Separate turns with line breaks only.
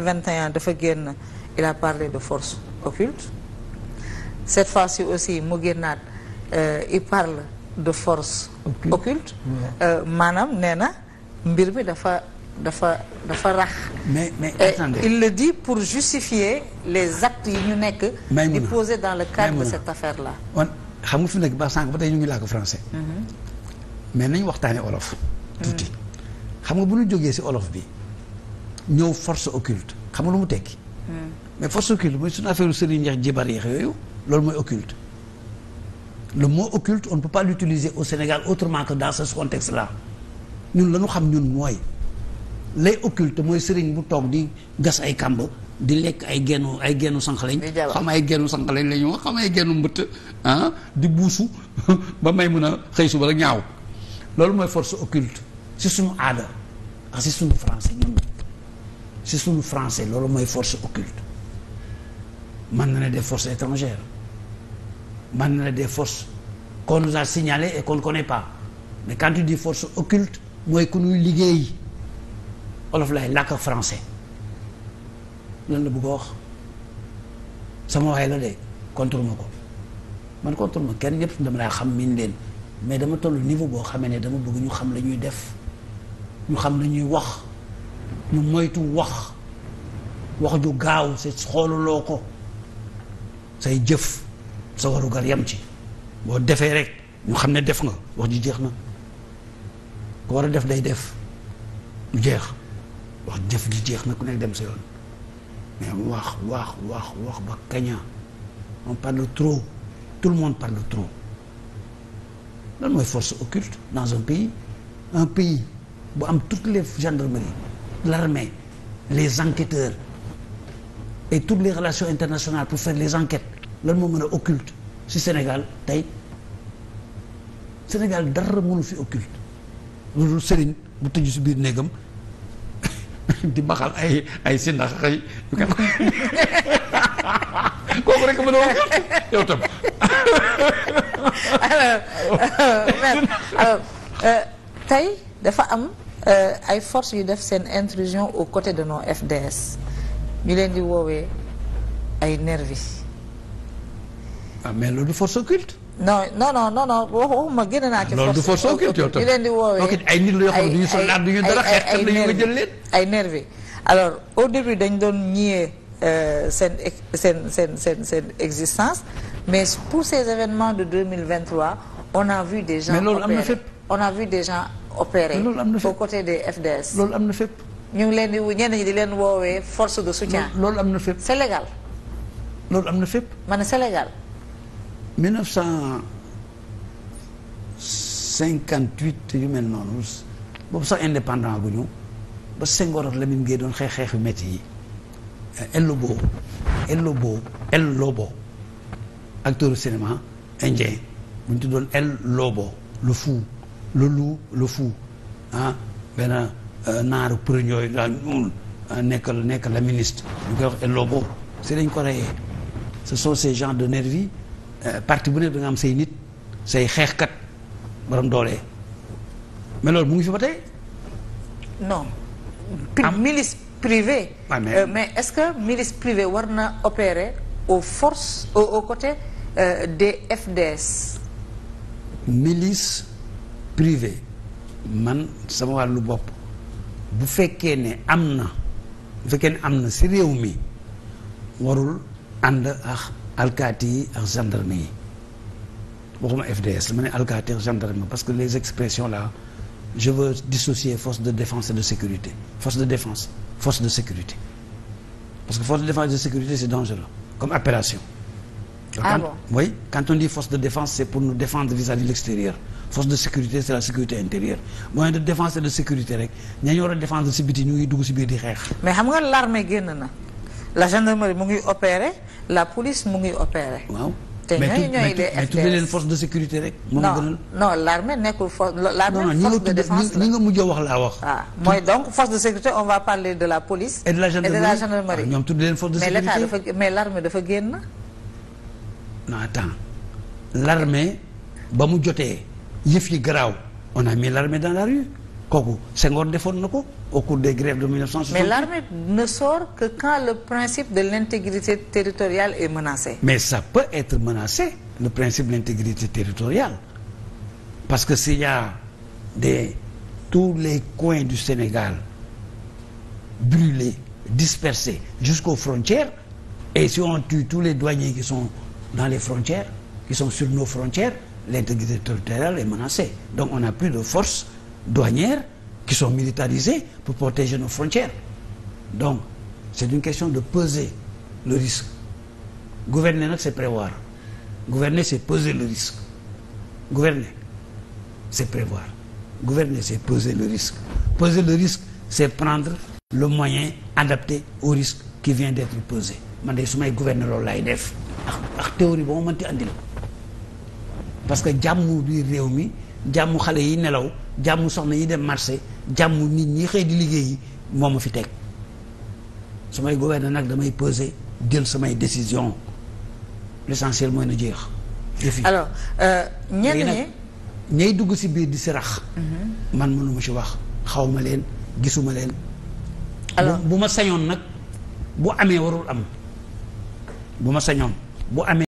2021 dafa génn il a parlé de force occulte cette fois-ci aussi mu génnaat euh, il parle de force occulte, euh, maanaam nee na mbir mi dafa dafa dafa rax.
mais mais euh, attendez. il
le dit pour justifier les actes yi ñu nekk. di poser dans le cadre de cette affaire là.
on xam nga fi mu nekk ba sànq ba tey ñu ngi làkk français. Mm-hmm. mais nañu waxtaane olof. Mm-hmm. tuuti xam nga bu ñu jógee ci olof bi. ñëw force occulte xam nga lu mu tekki. Hmm. mais force occulte mooy suñu affaire sëriñ ñeex jibar yeex yooyu loolu mooy occulte. le mot occulte on ne peut pas l'utiliser au Sénégal autrement que dans ce contexte là ñun la ñu xam ñun mooy lay occulte mooy sëriñ bu toog di gas ay kàmb di lekk ay gennu ay gennu sànq lañ xam ay gennu sànq lañ la ñu wax xam ay gennu mbëtt ah di buusu ba may mun a xëy suba rek ñaaw loolu mooy force occulte si suñu aada ak ah, si suñu français ci suñu français loolu mooy force occulte mën na la des forces étrangères mën na la des forces qu'on nous a signalées et qu'on ne connaît pas mais quand tu force occulte mooy ku ñuy liggéey olof lay làkk français lan la bëgg a wax sama waay la de contre ma ko man contre ma kenn ñëpp dama laa xam miin leen mais dama toll niveau boo xamee ne dama bëgg ñu xam la ñuy def ñu xam la ñuy wax ñu moytu wax wax ju gaaw sa xooluloo ko say jëf sa warugar yam ci boo defee rek ñu xam ne def nga wax ji jeex na ku war a def day def ñu jeex wax jëf ji jeex na ku nekk dem sa yoon mais wax wax wax wax ba kaña on parle trop tout le monde parle trop lan mooy force occulte dans un pays un pays bu am toutes les gendarmeries l'armée les enquêteurs et toutes les relations internationales pour faire les enquêtes lan moo mën a occulte si Sénégal tey Sénégal dara mënu fi occulte lu dul sëriñ bu tëju si biir néegam di baxal ay ay sindax xëy kooku rek mën a wax yow tam
euh, euh, euh, tey dafa am Euh, ay forces yu def seen intrusion au côtés de nos FDS ñu leen di woowee ay nervis
ah mais loolu force occulte
non non non non non waxuma génn naa ci. Ah, force du force occulte yow tam di woowee ay nit la yoo xam ne du ñu soldat du ñu ay nervis alors au début dañ doon nier euh, seen seen seen seen seen existence mais pour ces événements de 2023 on a vu des gens. mais am na fépp on a opéré. loolu am na fépp côté des loolu am na fépp. ñu ngi leen di ñenn ñi di leen woowee force de soutien. loolu am na fépp c'est loolu am na fépp. ma ne c'est légal.
1958 yu mel noonu boobu sax indépendant bu ñu ba Senghor ak Lamine Gueye doon xeex xeexu métti yi. El Lobo El Lobo El Lobo acteur cinéma indien bu ñu tuddoon El Lobo le fou. lu lu lu fou ah benn euh, naaru përëñ yooyu daal euh, nekk nekk la ministre ñu koy wax El Lobo si dañ ko reyee ce sont ces de nervis euh, parti bu nekk da nga am say nit say xeexkat borom doole mais loolu mu ngi fi ba tey
non milice privée
ah, mais
est-ce que milice privée war na opérer aux forces aux côtés des FDS
milice privé man sama wàllu bopp bu fekkee ne am na bu fekkee ne am na si réew mi warul ànd ak alkaati yi ak gendarme yi waxuma FDS dama ne alkaati ak gendarme parce que les expressions là je veux dissocier force de défense de sécurité force de défense force de sécurité parce que force de défense et de sécurité c'est dangereux comme appellation Ah quand, bon oui, quand on dit force de défense, c'est pour nous défendre vis-à-vis de l'extérieur. Force de sécurité, c'est la sécurité intérieure. Moyen de défense et de sécurité rek ña ñu war a défendre ngi dugg si biir di xeex. mais xam nga l'armée
génn na la gendarmerie mu ngi opérer la police mu ngi opérer. waaw te ñooñu
de sécurité rek. moom la gënal
non non nekkul force de défense la
nga mujjee wax laa wax. waaw ah, mooy
donc force de sécurité on va parler de la police. et de la gendarmerie et de
ah, ñoom tuddee leen force de sécurité
mais l'État dafa génn.
non attends l'armée ba mu jotee yëf yi garaaw on a mis l'armée dans la rue kooku Senghor defoon na ko au cours des grèves de 1960. mais
l'armée ne sort que quand le principe de l'intégrité territoriale est menacé.
mais ça peut être menacé le principe de l'intégrité territoriale parce que s'il y a des tous les coins du Sénégal brûlés dispersés jusqu'aux frontières et si on tue tous les douaniers qui sont dans les frontières, qui sont sur nos frontières, l'intégrité territoriale est menacée. Donc on n'a plus de forces douanières qui sont militarisées pour protéger nos frontières. Donc c'est une question de peser le risque. Gouverner nag c'est prévoir. Gouverner c'est peser le risque. Gouverner c'est prévoir. Gouverner c'est peser le risque. Peser le risque c'est prendre le moyen adapté au risque qui vient d'être pesé man de su may gouverner loolu laay def ak ak théorie boo mënti andil parce que jàmm biir réew mi jàmm xale yi nelaw jàmm soxna yi dem marché jàmm nit ñi xëy di liggéey yi moo ma fi teg su may gouverner nag damay peser jël samay décision l'essentiel mooy na jeex. jëf alo euh, ñenn ñi ñay dugg si biir di sirax mhm. man mënuma si wax xawma leen gisuma leen. alors bu ma sañoon nag bu amee warul am bu ma sañoon. bu amee